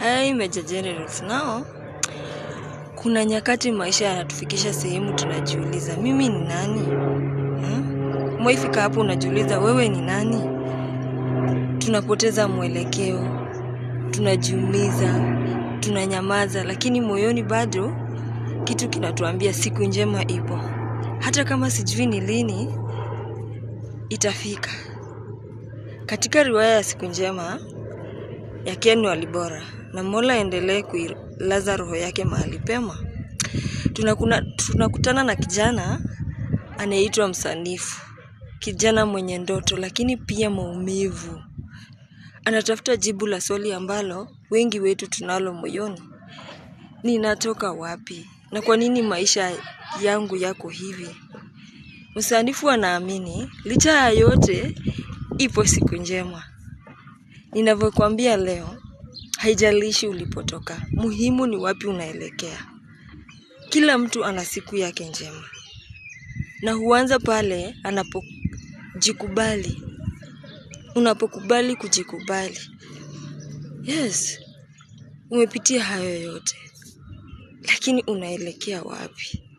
Hai major generals nao kuna nyakati maisha yanatufikisha sehemu tunajiuliza mimi ni nani hmm? mwaifika hapo unajiuliza wewe ni nani tunapoteza mwelekeo tunajiumiza tunanyamaza lakini moyoni bado kitu kinatuambia siku njema ipo hata kama sijui ni lini itafika katika riwaya ya siku njema yake ni walibora na Mola aendelee kuilaza roho yake mahali pema. Tunakuna, tunakutana na kijana anayeitwa Msanifu, kijana mwenye ndoto lakini pia maumivu. Anatafuta jibu la swali ambalo wengi wetu tunalo moyoni: ninatoka wapi na kwa nini maisha yangu yako hivi? Msanifu anaamini licha ya yote, ipo siku njema. Ninavyokuambia leo, haijalishi ulipotoka, muhimu ni wapi unaelekea. Kila mtu ana siku yake njema na huanza pale anapojikubali. Unapokubali kujikubali, yes, umepitia hayo yote, lakini unaelekea wapi?